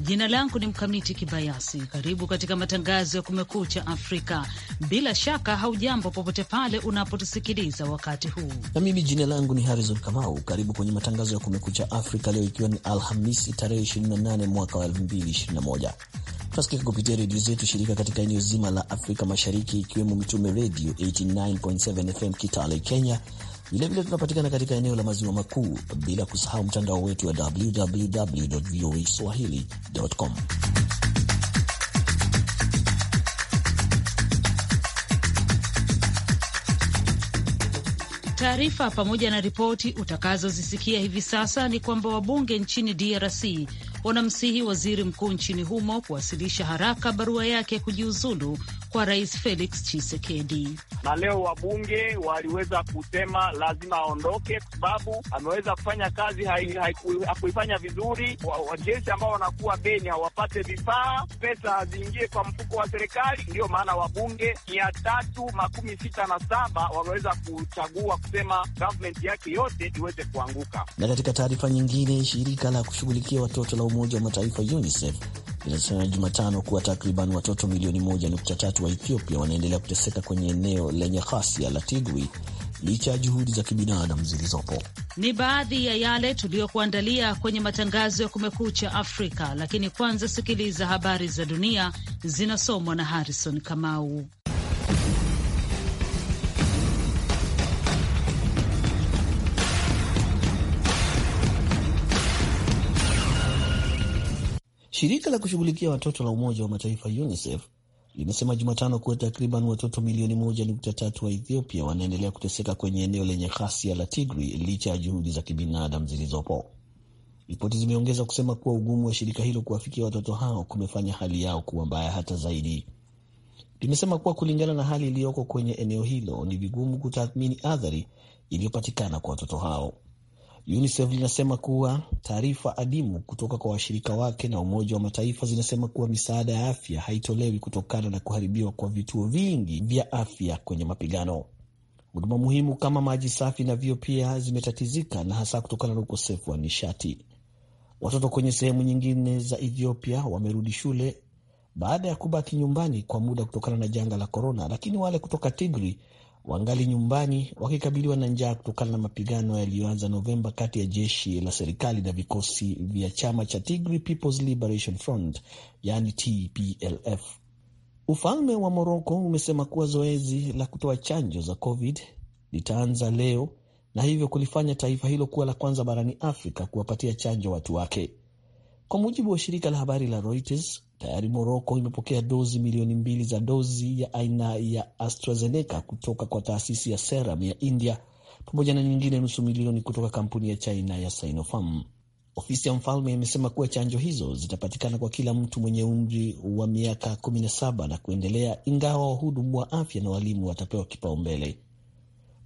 Jina langu ni Mkamiti Kibayasi. Karibu katika matangazo ya Kumekucha Afrika. Bila shaka haujambo popote pale unapotusikiliza wakati huu, na mimi jina langu ni Harrison Kamau. Karibu kwenye matangazo ya Kumekucha Afrika leo ikiwa ni Alhamisi tarehe 28 mwaka wa 2021. Tunasikika kupitia redio zetu shirika katika eneo zima la Afrika Mashariki, ikiwemo Mitume Redio 89.7 FM Kitale Kenya, Vilevile tunapatikana katika eneo la maziwa makuu, bila kusahau mtandao wetu wa www voa Taarifa pamoja na ripoti utakazozisikia hivi sasa ni kwamba wabunge nchini DRC wanamsihi waziri mkuu nchini humo kuwasilisha haraka barua yake ya kujiuzulu kwa rais Felix Tshisekedi na leo wabunge waliweza kusema lazima aondoke, kwa sababu ameweza kufanya kazi hakuifanya vizuri. Wajeshi ambao wanakuwa Beni hawapate vifaa, pesa haziingie kwa mfuko wa serikali. Ndiyo maana wabunge mia tatu makumi sita na saba wameweza kuchagua kusema gavumenti yake yote iweze kuanguka. Na katika taarifa nyingine, shirika la kushughulikia watoto la Umoja wa Mataifa UNICEF inasema Jumatano kuwa takriban watoto milioni 1.3 wa Ethiopia wanaendelea kuteseka kwenye eneo lenye ghasia la tigri licha ya juhudi za kibinadamu zilizopo. Ni baadhi ya yale tuliyokuandalia kwenye matangazo ya Kumekucha Afrika, lakini kwanza sikiliza habari za dunia zinasomwa na Harrison Kamau. Shirika la kushughulikia watoto la Umoja wa Mataifa UNICEF limesema Jumatano kuwa takriban watoto milioni moja nukta tatu wa Ethiopia wanaendelea kuteseka kwenye eneo lenye ghasia la Tigri licha ya juhudi za kibinadamu zilizopo. Ripoti zimeongeza kusema kuwa ugumu wa shirika hilo kuwafikia watoto hao kumefanya hali yao kuwa mbaya hata zaidi. Limesema kuwa kulingana na hali iliyoko kwenye eneo hilo, ni vigumu kutathmini athari iliyopatikana kwa watoto hao. UNICEF linasema kuwa taarifa adimu kutoka kwa washirika wake na Umoja wa Mataifa zinasema kuwa misaada ya afya haitolewi kutokana na kuharibiwa kwa vituo vingi vya afya kwenye mapigano. Huduma muhimu kama maji safi na vio pia zimetatizika na hasa kutokana na ukosefu wa nishati. Watoto kwenye sehemu nyingine za Ethiopia wamerudi shule baada ya kubaki nyumbani kwa muda kutokana na janga la korona, lakini wale kutoka Tigri wangali nyumbani wakikabiliwa na njaa kutokana na mapigano yaliyoanza Novemba kati ya jeshi la serikali na vikosi vya chama cha Tigray People's Liberation Front, yani TPLF. Ufalme wa Moroko umesema kuwa zoezi la kutoa chanjo za COVID litaanza leo na hivyo kulifanya taifa hilo kuwa la kwanza barani Afrika kuwapatia chanjo watu wake. Kwa mujibu wa shirika la habari la Reuters, tayari Moroko imepokea dozi milioni mbili za dozi ya aina ya AstraZeneca kutoka kwa taasisi ya Serum ya India pamoja na nyingine nusu milioni kutoka kampuni ya China ya Sinopharm. Ofisi ya mfalme imesema kuwa chanjo hizo zitapatikana kwa kila mtu mwenye umri wa miaka 17 na kuendelea, ingawa wahudumu wa afya na walimu watapewa kipaumbele.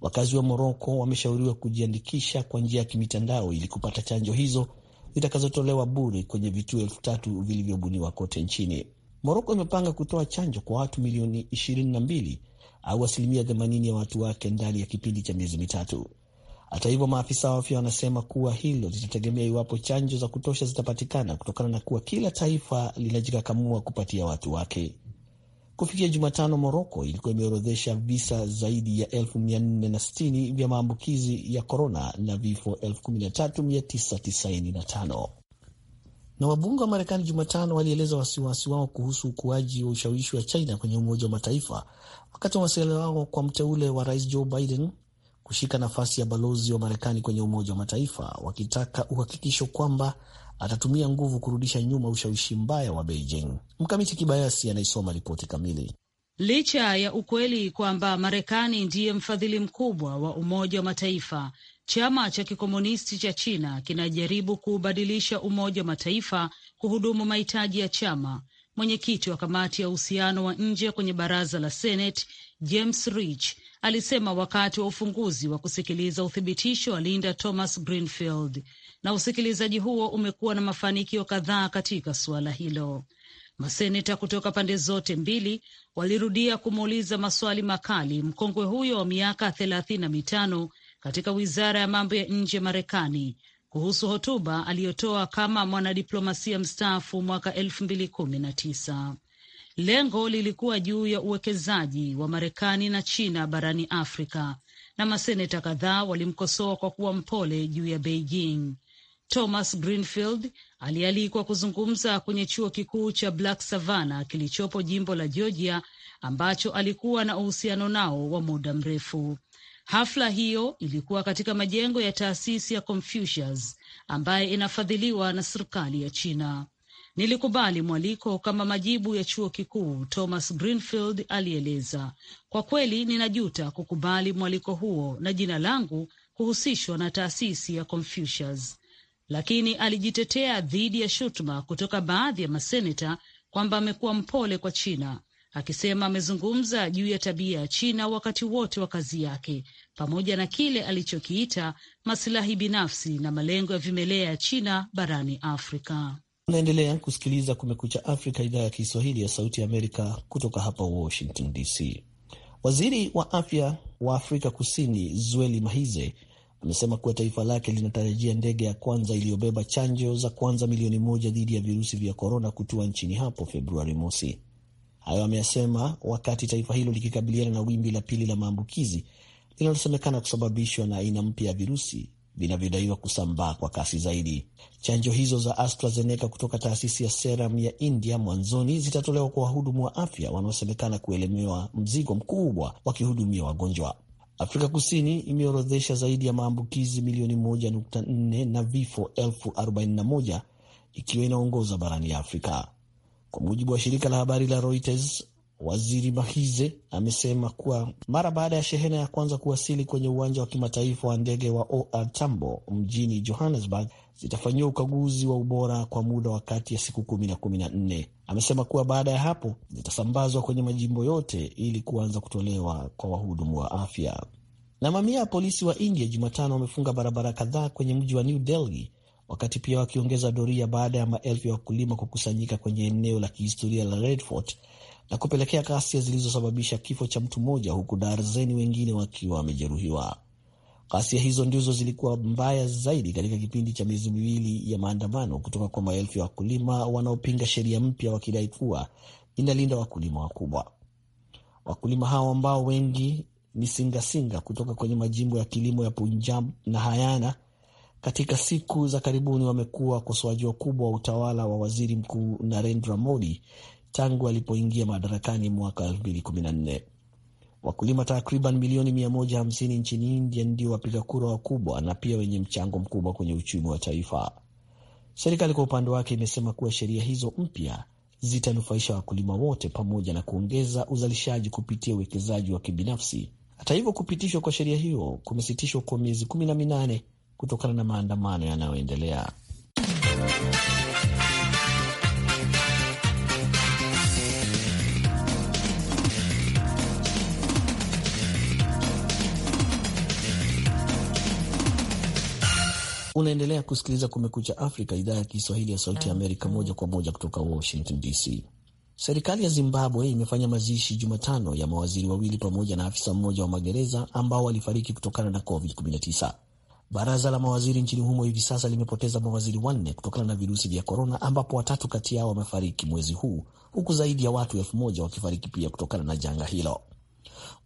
Wakazi wa Moroko wameshauriwa kujiandikisha kwa njia ya kimitandao ili kupata chanjo hizo zitakazotolewa bure kwenye vituo elfu tatu vilivyobuniwa kote nchini. Moroko imepanga kutoa chanjo kwa watu milioni 22 au asilimia 80 ya watu wake ndani ya kipindi cha miezi mitatu. Hata hivyo, maafisa wa afya wanasema kuwa hilo litategemea iwapo chanjo za kutosha zitapatikana kutokana na kuwa kila taifa linajikakamua kupatia watu wake. Kufikia Jumatano, Moroko ilikuwa imeorodhesha visa zaidi ya 460 vya maambukizi ya korona na vifo 13995 na wabunge wa Marekani Jumatano walieleza wasiwasi wao kuhusu ukuaji wa ushawishi wa China kwenye Umoja wa Mataifa wakati wa masuala wao kwa mteule wa Rais Joe Biden kushika nafasi ya balozi wa Marekani kwenye Umoja wa Mataifa, wakitaka uhakikisho kwamba atatumia nguvu kurudisha nyuma ushawishi mbaya wa Beijing. Mkamiti Kibayasi anaisoma ripoti kamili. Licha ya ukweli kwamba Marekani ndiye mfadhili mkubwa wa Umoja wa Mataifa, chama cha kikomunisti cha China kinajaribu kuubadilisha Umoja wa Mataifa kuhudumu mahitaji ya chama. Mwenyekiti wa kamati ya uhusiano wa nje kwenye baraza la Seneti James Rich alisema wakati wa ufunguzi wa kusikiliza uthibitisho wa Linda Thomas Greenfield na usikilizaji huo umekuwa na mafanikio kadhaa katika suala hilo. Maseneta kutoka pande zote mbili walirudia kumuuliza maswali makali mkongwe huyo wa miaka thelathini na mitano katika wizara ya mambo ya nje ya Marekani kuhusu hotuba aliyotoa kama mwanadiplomasia mstaafu mwaka elfu mbili kumi na tisa. Lengo lilikuwa juu ya uwekezaji wa Marekani na China barani Afrika, na maseneta kadhaa walimkosoa kwa kuwa mpole juu ya Beijing. Thomas Greenfield alialikwa kuzungumza kwenye chuo kikuu cha Black Savannah kilichopo jimbo la Georgia ambacho alikuwa na uhusiano nao wa muda mrefu. Hafla hiyo ilikuwa katika majengo ya taasisi ya Confucius ambaye inafadhiliwa na serikali ya China. Nilikubali mwaliko kama majibu ya chuo kikuu, Thomas Greenfield alieleza. Kwa kweli ninajuta kukubali mwaliko huo na jina langu kuhusishwa na taasisi ya Confucius lakini alijitetea dhidi ya shutuma kutoka baadhi ya maseneta kwamba amekuwa mpole kwa China, akisema amezungumza juu ya tabia ya China wakati wote wa kazi yake, pamoja na kile alichokiita masilahi binafsi na malengo ya vimelea ya China barani Afrika. Unaendelea kusikiliza Kumekucha Afrika, idhaa ya Kiswahili ya Sauti ya Amerika, kutoka hapa Washington DC. Waziri wa afya wa Afrika Kusini Zweli Mahize amesema kuwa taifa lake linatarajia ndege ya kwanza iliyobeba chanjo za kwanza milioni moja dhidi ya virusi vya korona kutua nchini hapo Februari mosi. Hayo ameyasema wakati taifa hilo likikabiliana na wimbi la pili la maambukizi linalosemekana kusababishwa na aina mpya ya virusi vinavyodaiwa kusambaa kwa kasi zaidi. Chanjo hizo za AstraZeneca kutoka taasisi ya Serum ya India mwanzoni zitatolewa kwa wahudumu wa afya wanaosemekana kuelemewa mzigo mkubwa wakihudumia wagonjwa. Afrika Kusini imeorodhesha zaidi ya maambukizi milioni 1.4 na vifo 41 ikiwa inaongoza barani Afrika, kwa mujibu wa shirika la habari la Reuters. Waziri Mahize amesema kuwa mara baada ya shehena ya kwanza kuwasili kwenye uwanja wa kimataifa wa ndege wa OR Tambo mjini Johannesburg, zitafanyiwa ukaguzi wa ubora kwa muda wa kati ya siku kumi na kumi na nne. Amesema kuwa baada ya hapo zitasambazwa kwenye majimbo yote ili kuanza kutolewa kwa wahudumu wa afya. Na mamia ya polisi wa India Jumatano wamefunga barabara kadhaa kwenye mji wa New Delhi, wakati pia wakiongeza doria baada ya maelfu ya wakulima kukusanyika kwenye eneo la kihistoria la Red Fort na kupelekea ghasia zilizosababisha kifo cha mtu mmoja huku darzeni wengine wakiwa wamejeruhiwa. Ghasia hizo ndizo zilikuwa mbaya zaidi katika kipindi cha miezi miwili ya maandamano kutoka kwa maelfu ya wakulima wanaopinga sheria mpya, wakidai kuwa inalinda wakulima wakubwa. Wakulima hao ambao wengi ni singasinga kutoka kwenye majimbo ya kilimo ya Punjab na Haryana, katika siku za karibuni wamekuwa wakosoaji wakubwa wa utawala wa waziri mkuu Narendra Modi tangu alipoingia madarakani mwaka Wakulima takriban milioni 150 nchini India ndio wapiga kura wakubwa na pia wenye mchango mkubwa kwenye uchumi wa taifa. Serikali kwa upande wake imesema kuwa sheria hizo mpya zitanufaisha wakulima wote pamoja na kuongeza uzalishaji kupitia uwekezaji wa kibinafsi. Hata hivyo, kupitishwa kwa sheria hiyo kumesitishwa kwa miezi kumi na minane kutokana na maandamano yanayoendelea. Unaendelea kusikiliza Kumekucha Afrika, idhaa ya Kiswahili ya Sauti ya ah. Amerika, moja kwa moja kutoka Washington DC. Serikali ya Zimbabwe imefanya mazishi Jumatano ya mawaziri wawili pamoja na afisa mmoja wa magereza ambao walifariki kutokana na COVID-19. Baraza la mawaziri nchini humo hivi sasa limepoteza mawaziri wanne kutokana na virusi vya korona, ambapo watatu kati yao wamefariki mwezi huu, huku zaidi ya watu elfu moja wakifariki pia kutokana na janga hilo.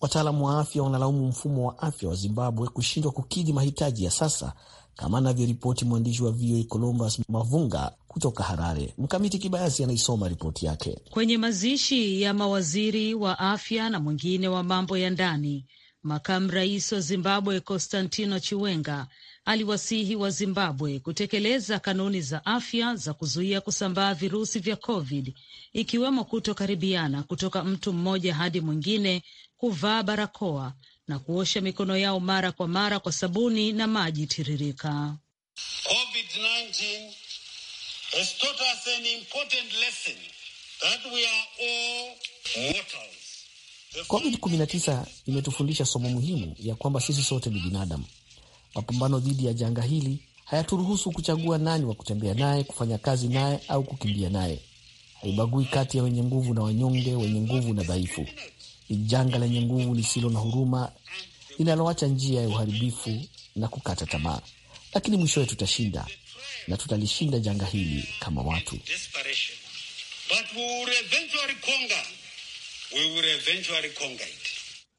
Wataalamu wa afya wanalaumu mfumo wa afya wa Zimbabwe kushindwa kukidhi mahitaji ya sasa kama anavyoripoti mwandishi wa VOA Columbus Mavunga kutoka Harare. Mkamiti Kibayasi anaisoma ripoti yake. Kwenye mazishi ya mawaziri wa afya na mwingine wa mambo ya ndani, makamu rais wa Zimbabwe Constantino Chiwenga aliwasihi wa Zimbabwe kutekeleza kanuni za afya za kuzuia kusambaa virusi vya COVID ikiwemo kutokaribiana kutoka mtu mmoja hadi mwingine, kuvaa barakoa na kuosha mikono yao mara kwa mara kwa sabuni na maji tiririka. COVID-19 has taught us an important lesson that we are all mortals. COVID-19 imetufundisha somo muhimu ya kwamba sisi sote ni binadamu. Mapambano dhidi ya janga hili hayaturuhusu kuchagua nani wa kutembea naye, kufanya kazi naye au kukimbia naye. Haibagui kati ya wenye nguvu na wanyonge, wenye nguvu na dhaifu ni janga lenye nguvu lisilo na huruma linaloacha njia ya uharibifu na kukata tamaa, lakini mwishowe tutashinda na tutalishinda janga hili kama watu.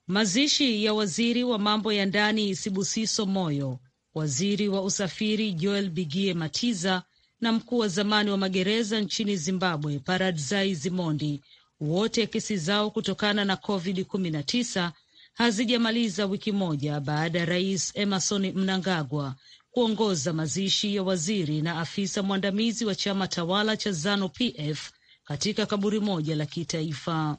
Mazishi ya waziri wa mambo ya ndani Sibusiso Moyo, waziri wa usafiri Joel Bigie Matiza na mkuu wa zamani wa magereza nchini Zimbabwe Paradzai Zimondi wote kesi zao kutokana na COVID-19 hazijamaliza wiki moja baada ya Rais Emerson Mnangagwa kuongoza mazishi ya waziri na afisa mwandamizi wa chama tawala cha ZANU-PF katika kaburi moja la kitaifa.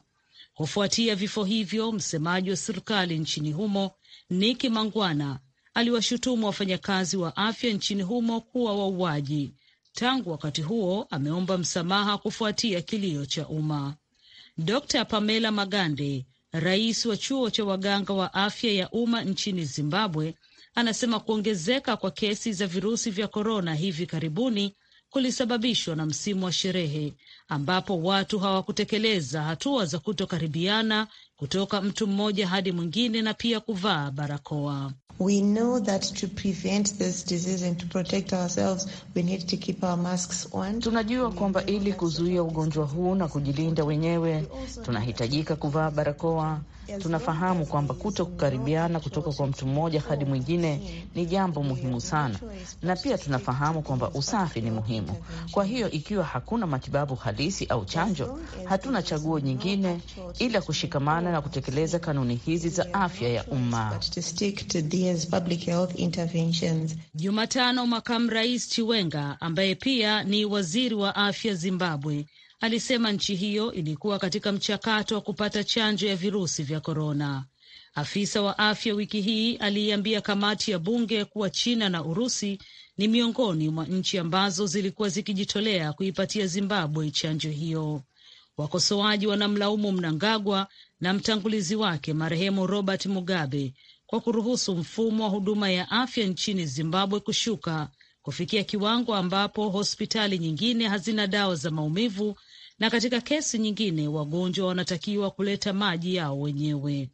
Kufuatia vifo hivyo, msemaji wa serikali nchini humo Niki Mangwana aliwashutumu wafanyakazi wa afya nchini humo kuwa wauaji. Tangu wakati huo ameomba msamaha kufuatia kilio cha umma. Dr. Pamela Magande, rais wa chuo cha waganga wa afya ya umma nchini Zimbabwe, anasema kuongezeka kwa kesi za virusi vya korona hivi karibuni kulisababishwa na msimu wa sherehe ambapo watu hawakutekeleza hatua za kutokaribiana kutoka mtu mmoja hadi mwingine na pia kuvaa barakoa. We know that to prevent this disease and to protect ourselves, we need to keep our masks on. Tunajua kwamba ili kuzuia ugonjwa huu na kujilinda wenyewe tunahitajika kuvaa barakoa Tunafahamu kwamba kuto kukaribiana kutoka kwa mtu mmoja hadi mwingine ni jambo muhimu sana, na pia tunafahamu kwamba usafi ni muhimu. Kwa hiyo ikiwa hakuna matibabu halisi au chanjo, hatuna chaguo nyingine ila kushikamana na kutekeleza kanuni hizi za afya ya umma. Jumatano, makamu rais Chiwenga ambaye pia ni waziri wa afya Zimbabwe alisema nchi hiyo ilikuwa katika mchakato wa kupata chanjo ya virusi vya korona. Afisa wa afya wiki hii aliiambia kamati ya bunge kuwa China na Urusi ni miongoni mwa nchi ambazo zilikuwa zikijitolea kuipatia Zimbabwe chanjo hiyo. Wakosoaji wanamlaumu Mnangagwa na mtangulizi wake marehemu Robert Mugabe kwa kuruhusu mfumo wa huduma ya afya nchini Zimbabwe kushuka kufikia kiwango ambapo hospitali nyingine hazina dawa za maumivu na katika kesi nyingine wagonjwa wanatakiwa kuleta maji yao wenyewe.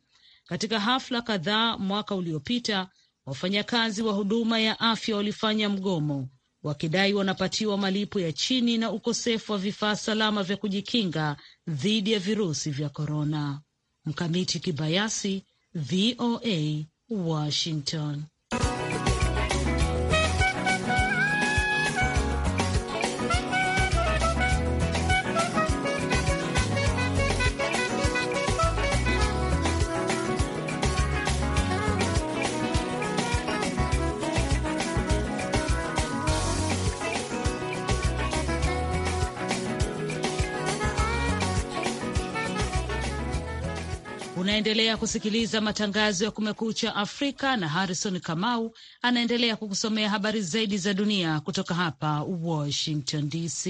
Katika hafla kadhaa mwaka uliopita, wafanyakazi wa huduma ya afya walifanya mgomo wakidai wanapatiwa malipo ya chini na ukosefu wa vifaa salama vya kujikinga dhidi ya virusi vya korona. Mkamiti Kibayasi, VOA, Washington. Unaendelea kusikiliza matangazo ya Kumekucha Afrika na Harrison Kamau anaendelea kukusomea habari zaidi za dunia kutoka hapa Washington DC.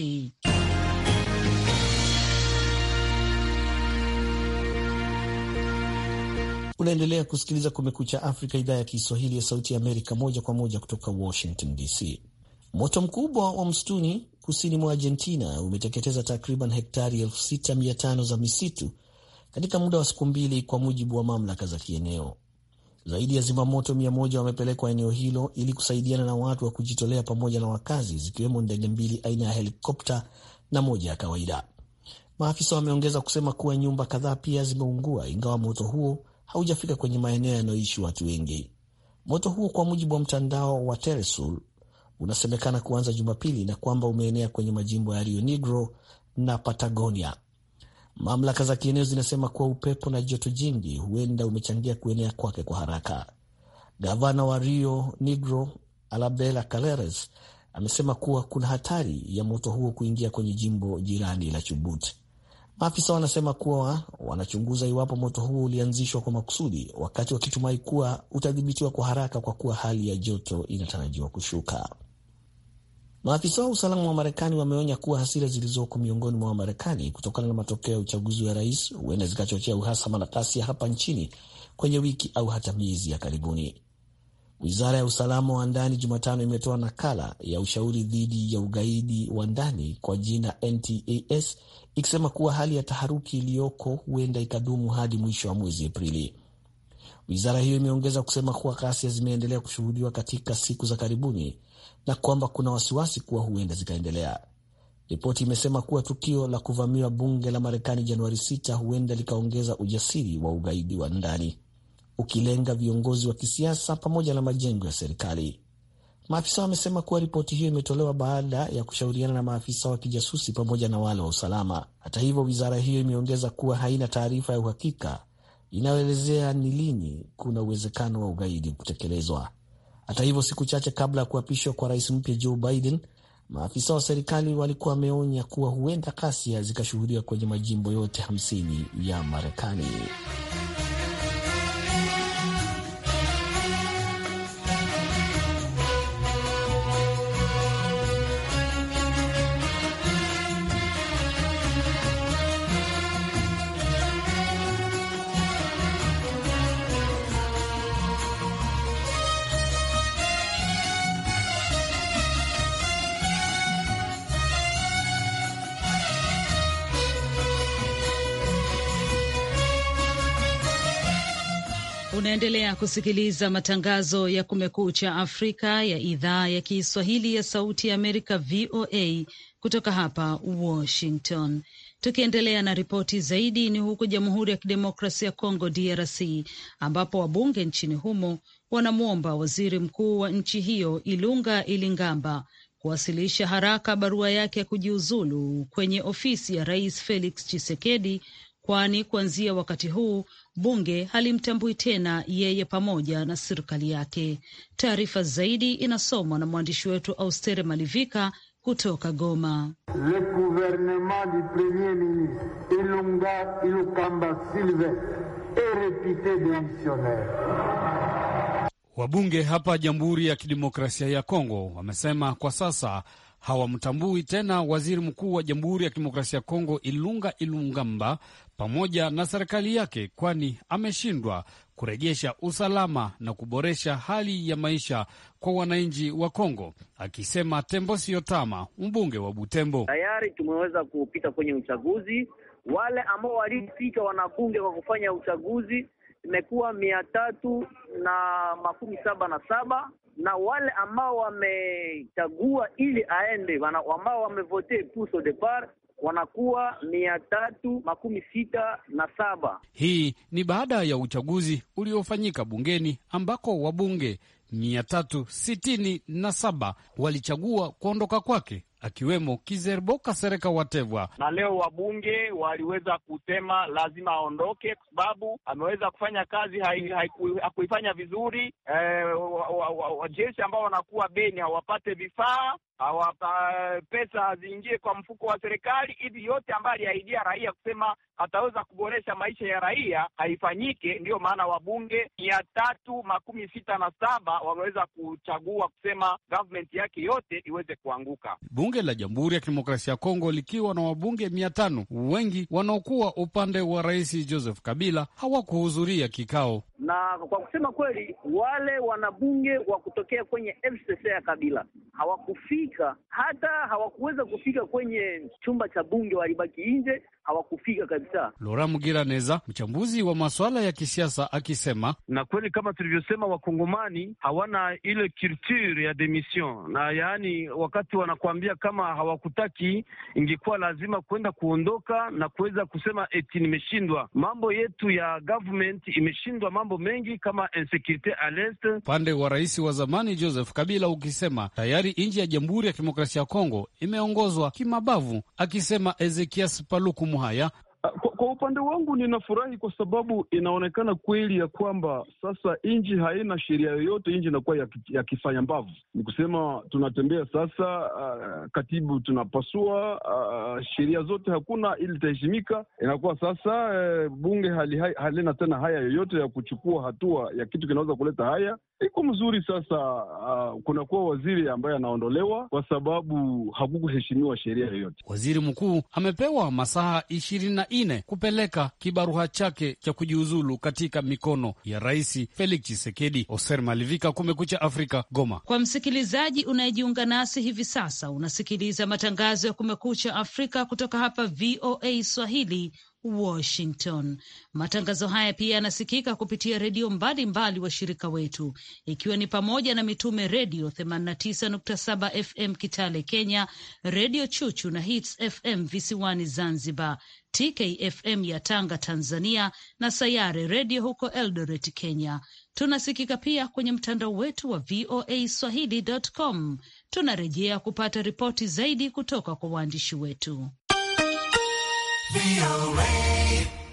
Unaendelea kusikiliza Kumekucha Afrika, idhaa ya Kiswahili ya Sauti ya Amerika, moja kwa moja kutoka Washington DC. Moto mkubwa wa msituni kusini mwa Argentina umeteketeza takriban hektari 6500 za misitu katika muda wa siku mbili, kwa mujibu wa mamlaka za kieneo. Zaidi ya zimamoto mia moja wamepelekwa eneo hilo ili kusaidiana na watu wa kujitolea pamoja na wakazi, zikiwemo ndege mbili aina ya helikopta na moja ya kawaida. Maafisa wameongeza kusema kuwa nyumba kadhaa pia zimeungua, ingawa moto huo haujafika kwenye maeneo yanayoishi watu wengi. Moto huo kwa mujibu wa mtandao wa teresul unasemekana kuanza Jumapili na kwamba umeenea kwenye majimbo ya Rio Negro na Patagonia. Mamlaka za kieneo zinasema kuwa upepo na joto jingi huenda umechangia kuenea kwake kwa haraka. Gavana wa Rio Negro Alabela Caleres amesema kuwa kuna hatari ya moto huo kuingia kwenye jimbo jirani la Chubut. Maafisa wanasema kuwa wanachunguza iwapo moto huo ulianzishwa kwa makusudi, wakati wakitumai kuwa utadhibitiwa kwa haraka kwa kuwa hali ya joto inatarajiwa kushuka. Maafisa wa usalama wa Marekani wameonya kuwa hasira zilizoko miongoni mwa Wamarekani kutokana na matokeo ya uchaguzi wa rais huenda zikachochea uhasama na ghasia hapa nchini kwenye wiki au hata miezi ya karibuni. Wizara ya usalama wa ndani Jumatano imetoa nakala ya ushauri dhidi ya ugaidi wa ndani kwa jina NTAS ikisema kuwa hali ya taharuki iliyoko huenda ikadumu hadi mwisho wa mwezi Aprili. Wizara hiyo imeongeza kusema kuwa ghasia zimeendelea kushuhudiwa katika siku za karibuni na kwamba kuna wasiwasi kuwa huenda zikaendelea. Ripoti imesema kuwa tukio la kuvamiwa bunge la Marekani Januari 6 huenda likaongeza ujasiri wa ugaidi wa ndani ukilenga viongozi wa kisiasa pamoja na majengo ya serikali. Maafisa wamesema kuwa ripoti hiyo imetolewa baada ya kushauriana na maafisa wa kijasusi pamoja na wale wa usalama. Hata hivyo, wizara hiyo imeongeza kuwa haina taarifa ya uhakika inayoelezea ni lini kuna uwezekano wa ugaidi kutekelezwa. Hata hivyo, siku chache kabla ya kuapishwa kwa rais mpya Joe Biden, maafisa wa serikali walikuwa wameonya kuwa huenda kasia zikashuhudiwa kwenye majimbo yote 50 ya Marekani. kusikiliza matangazo ya Kumekucha Afrika ya idhaa ya Kiswahili ya Sauti ya Amerika, VOA, kutoka hapa Washington. Tukiendelea na ripoti zaidi, ni huko Jamhuri ya Kidemokrasia ya Kongo, DRC, ambapo wabunge nchini humo wanamwomba waziri mkuu wa nchi hiyo Ilunga Ilingamba kuwasilisha haraka barua yake ya kujiuzulu kwenye ofisi ya Rais Felix chisekedi kwani kuanzia wakati huu bunge halimtambui tena yeye pamoja na serikali yake. Taarifa zaidi inasomwa na mwandishi wetu Austere Malivika kutoka Goma. Le gouvernement du premier ministre Ilunga Ilukamba Silve est repute démissionnaire. Wabunge hapa Jamhuri ya Kidemokrasia ya Kongo wamesema kwa sasa hawamtambui tena waziri mkuu wa Jamhuri ya Kidemokrasia ya Kongo Ilunga Ilungamba pamoja na serikali yake, kwani ameshindwa kurejesha usalama na kuboresha hali ya maisha kwa wananchi wa Kongo, akisema Tembo Siotama, mbunge wa Butembo. Tayari tumeweza kupita kwenye uchaguzi, wale ambao walifika wanabunge kwa kufanya uchaguzi imekuwa mia tatu na makumi saba na saba na wale ambao wamechagua ili aende wana, ambao wamevote puso de par wanakuwa mia tatu makumi sita na saba. Hii ni baada ya uchaguzi uliofanyika bungeni ambako wabunge mia tatu sitini na saba walichagua kuondoka kwake akiwemo Kizerbo Sereka Watevwa. Na leo wabunge waliweza kusema lazima aondoke kwa sababu ameweza kufanya kazi hakuifanya vizuri. E, eh, wajeshi ambao wanakuwa Beni hawapate vifaa hawapa, eh, pesa ziingie kwa mfuko wa serikali, hivi yote ambayo aliahidia raia kusema ataweza kuboresha maisha ya raia haifanyike. Ndiyo maana wabunge mia tatu makumi sita na saba wameweza kuchagua kusema government yake yote iweze kuanguka. Bunge la Jamhuri ya Kidemokrasia ya Kongo likiwa na wabunge mia tano wengi wanaokuwa upande wa Rais Joseph Kabila hawakuhudhuria kikao na kwa kusema kweli, wale wanabunge wa kutokea kwenye FCC ya Kabila hawakufika, hata hawakuweza kufika kwenye chumba cha bunge, walibaki nje, hawakufika kabisa. Lora Mugiraneza, mchambuzi wa masuala ya kisiasa, akisema na kweli, kama tulivyosema, wakongomani hawana ile culture ya demission, na yaani wakati wanakuambia kama hawakutaki, ingekuwa lazima kwenda kuondoka na kuweza kusema eti nimeshindwa. Mambo yetu ya government imeshindwa mambo mambo mengi kama insecurite a l'est. Upande wa rais wa zamani Joseph Kabila ukisema tayari nchi ya Jamhuri ya Kidemokrasia ya Kongo imeongozwa kimabavu, akisema Ezekias Paluku Muhaya. Ah, kwa upande wangu ninafurahi kwa sababu inaonekana kweli ya kwamba sasa nchi haina sheria yoyote, nchi inakuwa ya, ya kifanya mbavu. Ni kusema tunatembea sasa, uh, katibu tunapasua, uh, sheria zote hakuna ili itaheshimika. Inakuwa sasa uh, bunge hali, halina tena haya yoyote ya kuchukua hatua ya kitu kinaweza kuleta haya. Iko mzuri sasa. Uh, kunakuwa waziri ambaye anaondolewa kwa sababu hakukuheshimiwa sheria yoyote. Waziri mkuu amepewa masaa ishirini na nne kupeleka kibaruha chake cha kujiuzulu katika mikono ya Rais Felix chisekedi Oser Malivika, Kumekucha Afrika, Goma. Kwa msikilizaji unayejiunga nasi hivi sasa, unasikiliza matangazo ya Kumekucha Afrika kutoka hapa VOA Swahili, Washington. Matangazo haya pia yanasikika kupitia redio mbalimbali washirika wetu, ikiwa ni pamoja na Mitume Redio 89.7 FM Kitale Kenya, Redio Chuchu na Hits FM visiwani Zanzibar, TKFM ya Tanga Tanzania, na Sayare Redio huko Eldoret Kenya. Tunasikika pia kwenye mtandao wetu wa VOA Swahili.com. Tunarejea kupata ripoti zaidi kutoka kwa waandishi wetu.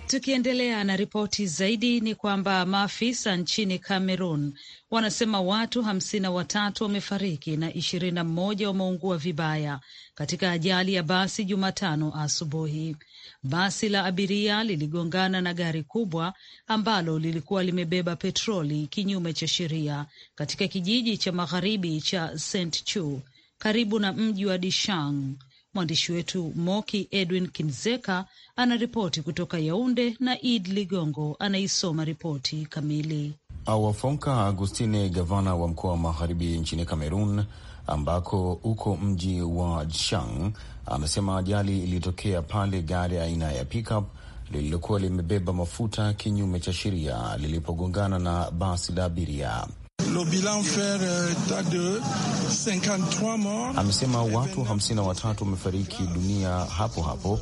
Tukiendelea na ripoti zaidi ni kwamba maafisa nchini Cameroon wanasema watu hamsini na watatu wamefariki na ishirini na mmoja wameungua vibaya katika ajali ya basi Jumatano asubuhi. Basi la abiria liligongana na gari kubwa ambalo lilikuwa limebeba petroli kinyume cha sheria katika kijiji cha magharibi cha St Chu karibu na mji wa Dishang. Mwandishi wetu Moki Edwin Kinzeka anaripoti kutoka Yaunde na Id Ligongo anaisoma ripoti kamili. Awafonka Agustine, gavana wa mkoa wa magharibi nchini Kamerun ambako uko mji wa Jshang, amesema ajali ilitokea pale gari aina ya pickup lililokuwa limebeba mafuta kinyume cha sheria lilipogongana na basi la abiria. Euh, Amesema watu 53 watatu wamefariki dunia hapo hapo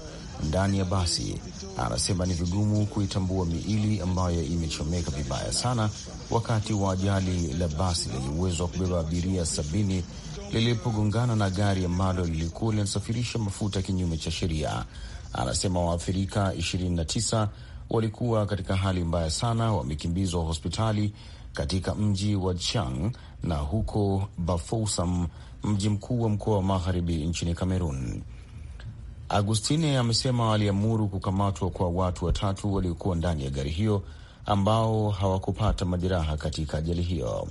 ndani ya basi. Anasema ni vigumu kuitambua miili ambayo imechomeka vibaya sana wakati wa ajali la basi lenye uwezo wa kubeba abiria sabini lilipogongana na gari ambalo lilikuwa linasafirisha mafuta kinyume cha sheria. Anasema waathirika 29 walikuwa katika hali mbaya sana, wamekimbizwa hospitali katika mji wa Chang na huko Bafoussam, mji mkuu wa mkoa wa magharibi nchini Kamerun. Agustine amesema aliamuru kukamatwa kwa watu watatu waliokuwa ndani ya gari hiyo ambao hawakupata majeraha katika ajali hiyo.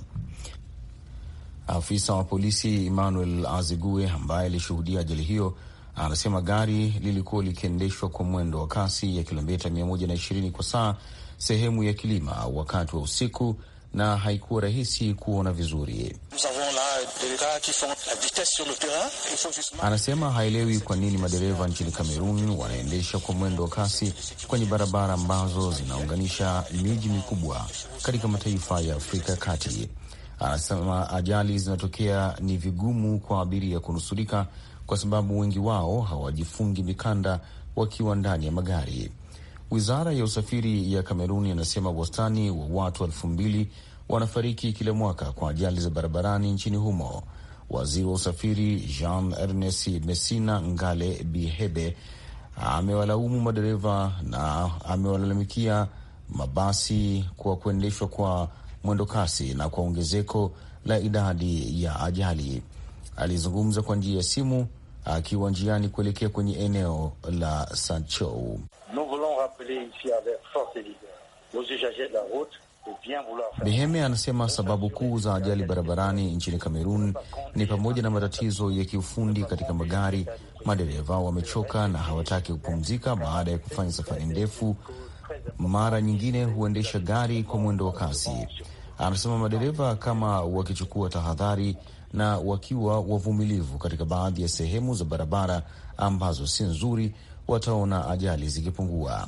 Afisa wa polisi Emmanuel Azigue ambaye alishuhudia ajali hiyo anasema gari lilikuwa likiendeshwa kwa mwendo wa kasi ya kilomita 120 kwa saa sehemu ya kilima wakati wa usiku, na haikuwa rahisi kuona vizuri. Anasema haelewi kwa nini madereva nchini Kamerun wanaendesha kwa mwendo wa kasi kwenye barabara ambazo zinaunganisha miji mikubwa katika mataifa ya Afrika ya Kati. Anasema ajali zinatokea, ni vigumu kwa abiria kunusurika kwa sababu wengi wao hawajifungi mikanda wakiwa ndani ya magari. Wizara ya usafiri ya Kamerun inasema wastani wa watu elfu mbili wanafariki kila mwaka kwa ajali za barabarani nchini humo. Waziri wa usafiri Jean Ernest Messina Ngale Bihebe amewalaumu madereva na amewalalamikia mabasi kwa kuendeshwa kwa mwendo kasi na kwa ongezeko la idadi ya ajali. Alizungumza kwa njia ya simu akiwa njiani kuelekea kwenye eneo la Sanchou ici avec force et vigueur. de la route Beheme anasema sababu kuu za ajali barabarani nchini Kamerun ni pamoja na matatizo ya kiufundi katika magari. Madereva wamechoka na hawataki kupumzika baada ya kufanya safari ndefu, mara nyingine huendesha gari kwa mwendo wa kasi. Anasema madereva kama wakichukua tahadhari na wakiwa wavumilivu katika baadhi ya sehemu za barabara ambazo si nzuri, wataona ajali zikipungua.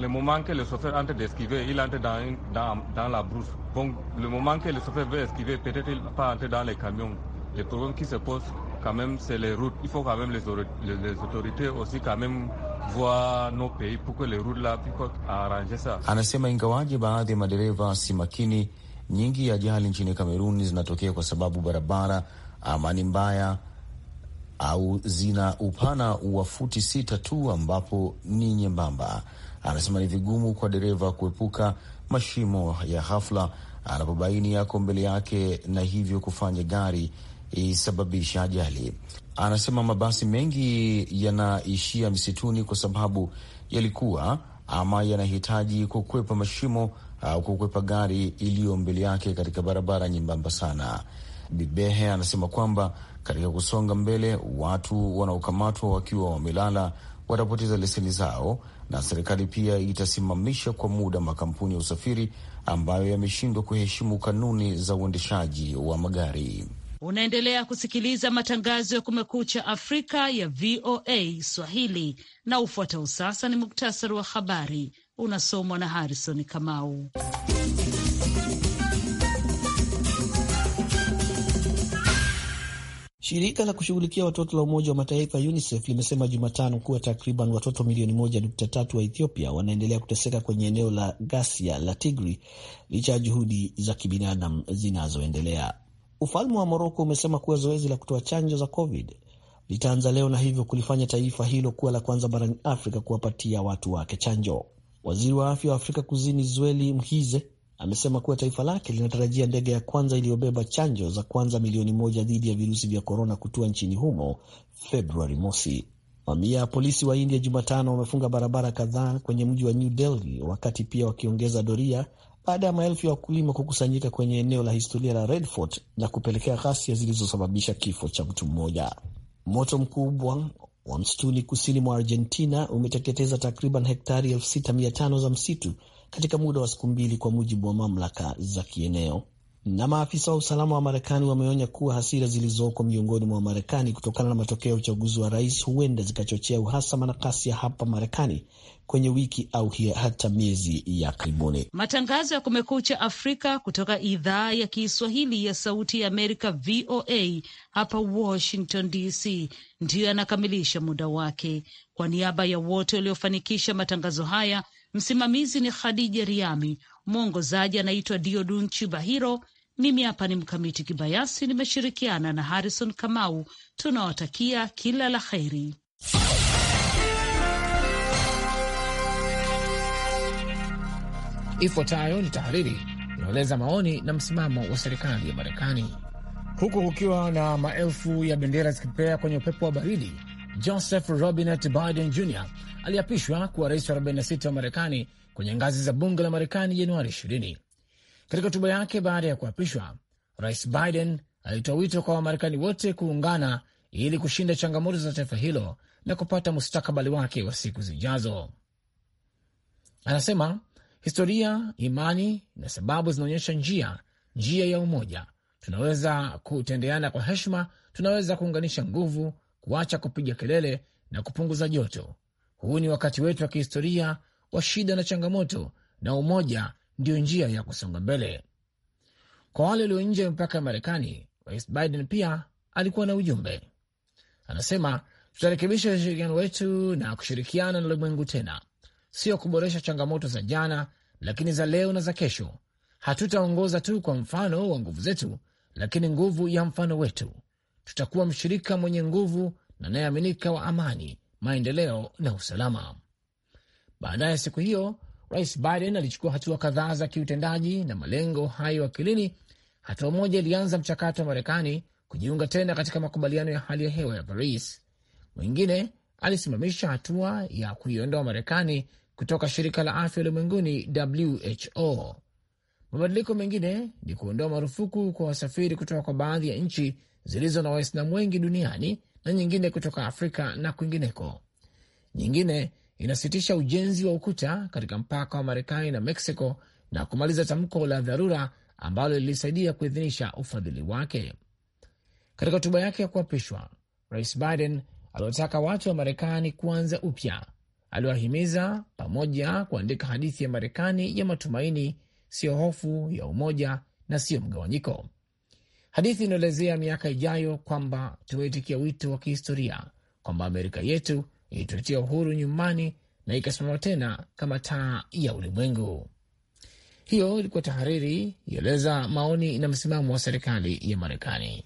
le moment que le chauffeur entre d'esquiver, il entre dans, une, dans, dans, la brousse. Donc, le moment que le chauffeur veut esquiver, peut-être il ne va pas entrer dans les camions. Le problème qui se pose, quand même, c'est les routes. Il faut quand même les, les les autorités aussi quand même voir nos pays pour que les routes là puissent arranger ça. Anasema ingawaje baadhi ya madereva si makini, nyingi ya ajali nchini Kameruni zinatokea kwa sababu barabara ama ni mbaya au zina upana wa futi sita tu ambapo ni nyembamba anasema ni vigumu kwa dereva kuepuka mashimo ya ghafla anapobaini yako mbele yake na hivyo kufanya gari isababisha ajali. Anasema mabasi mengi yanaishia msituni kwa sababu yalikuwa ama yanahitaji kukwepa mashimo au kukwepa gari iliyo mbele yake katika barabara nyembamba sana. Bibehe anasema kwamba katika kusonga mbele, watu wanaokamatwa wakiwa wamelala watapoteza leseni zao, na serikali pia itasimamisha kwa muda makampuni ya usafiri ambayo yameshindwa kuheshimu kanuni za uendeshaji wa magari. Unaendelea kusikiliza matangazo ya Kumekucha Afrika ya VOA Swahili na ufuatao sasa ni muktasari wa habari unasomwa na Harrison Kamau. Shirika la kushughulikia watoto la Umoja wa Mataifa UNICEF limesema Jumatano kuwa takriban watoto milioni 1.3 wa Ethiopia wanaendelea kuteseka kwenye eneo la ghasia la Tigri licha ya juhudi za kibinadamu zinazoendelea. Ufalme wa Moroko umesema kuwa zoezi la kutoa chanjo za COVID litaanza leo na hivyo kulifanya taifa hilo kuwa la kwanza barani Afrika kuwapatia watu wake chanjo. Waziri wa afya wa Afrika Kusini Zweli Mkhize amesema kuwa taifa lake linatarajia ndege ya kwanza iliyobeba chanjo za kwanza milioni moja dhidi ya virusi vya korona kutua nchini humo Februari mosi. Mamia ya polisi wa India Jumatano wamefunga barabara kadhaa kwenye mji wa New Delhi, wakati pia wakiongeza doria baada ya maelfu ya wakulima kukusanyika kwenye eneo la historia la Red Fort na kupelekea ghasia zilizosababisha kifo cha mtu mmoja. Moto mkubwa wa msituni kusini mwa Argentina umeteketeza takriban hektari 6500 za msitu katika muda wa siku mbili, kwa mujibu wa mamlaka za kieneo. Na maafisa wa usalama wa Marekani wameonya kuwa hasira zilizoko miongoni mwa Wamarekani kutokana na matokeo ya uchaguzi wa rais huenda zikachochea uhasama na kasi ya hapa Marekani kwenye wiki au hiya, hata miezi ya karibuni. Matangazo ya Kumekucha Afrika kutoka idhaa ya Kiswahili ya Sauti ya Amerika, VOA hapa Washington DC, ndiyo yanakamilisha muda wake. Kwa niaba ya wote waliofanikisha matangazo haya Msimamizi ni Khadija Riami, mwongozaji anaitwa Diodun Chibahiro. Mimi hapa ni Mkamiti Kibayasi, nimeshirikiana na Harrison Kamau. Tunawatakia kila la heri. Ifuatayo ni tahariri inaeleza maoni na msimamo wa serikali ya Marekani. Huku kukiwa na maelfu ya bendera zikipepea kwenye upepo wa baridi, Joseph Robinet Biden Jr aliapishwa kuwa rais wa 46 wa Marekani kwenye ngazi za bunge la Marekani Januari 20. Katika hotuba yake baada ya kuapishwa, Rais Biden alitoa wito kwa Wamarekani wote kuungana ili kushinda changamoto za taifa hilo na kupata mustakabali wake wa siku zijazo. Anasema historia, imani na sababu zinaonyesha njia, njia ya umoja. Tunaweza kutendeana kwa heshima, tunaweza kuunganisha nguvu, kuacha kupiga kelele na kupunguza joto. Huu ni wakati wetu wa kihistoria wa shida na changamoto, na umoja ndiyo njia ya kusonga mbele. Kwa wale walio nje ya mipaka ya Marekani, Rais Biden pia alikuwa na ujumbe. Anasema, tutarekebisha ushirikiano wetu na kushirikiana na ulimwengu tena, sio kuboresha changamoto za jana, lakini za leo na za kesho. Hatutaongoza tu kwa mfano wa nguvu zetu, lakini nguvu ya mfano wetu. Tutakuwa mshirika mwenye nguvu na anayeaminika wa amani maendeleo na usalama. Baadaye siku hiyo, Rais Biden alichukua hatua kadhaa za kiutendaji na malengo hayo akilini. Hatua moja ilianza mchakato wa Marekani kujiunga tena katika makubaliano ya hali ya hewa ya Paris. Mwingine alisimamisha hatua ya kuiondoa Marekani kutoka shirika la afya ulimwenguni WHO. Mabadiliko mengine ni kuondoa marufuku kwa wasafiri kutoka kwa baadhi ya nchi zilizo na Waislamu wengi duniani na nyingine kutoka Afrika na kwingineko. Nyingine inasitisha ujenzi wa ukuta katika mpaka wa Marekani na mexico na kumaliza tamko la dharura ambalo lilisaidia kuidhinisha ufadhili wake. Katika hotuba yake ya kuapishwa, Rais Biden aliwataka watu wa Marekani kuanza upya. Aliwahimiza pamoja kuandika hadithi ya Marekani ya matumaini, siyo hofu, ya umoja na siyo mgawanyiko. Hadithi inaelezea miaka ijayo kwamba tumeitikia wito wa kihistoria kwamba Amerika yetu ilituletia uhuru nyumbani na ikasimama tena kama taa ya ulimwengu. Hiyo ilikuwa tahariri, ieleza maoni na msimamo wa serikali ya Marekani.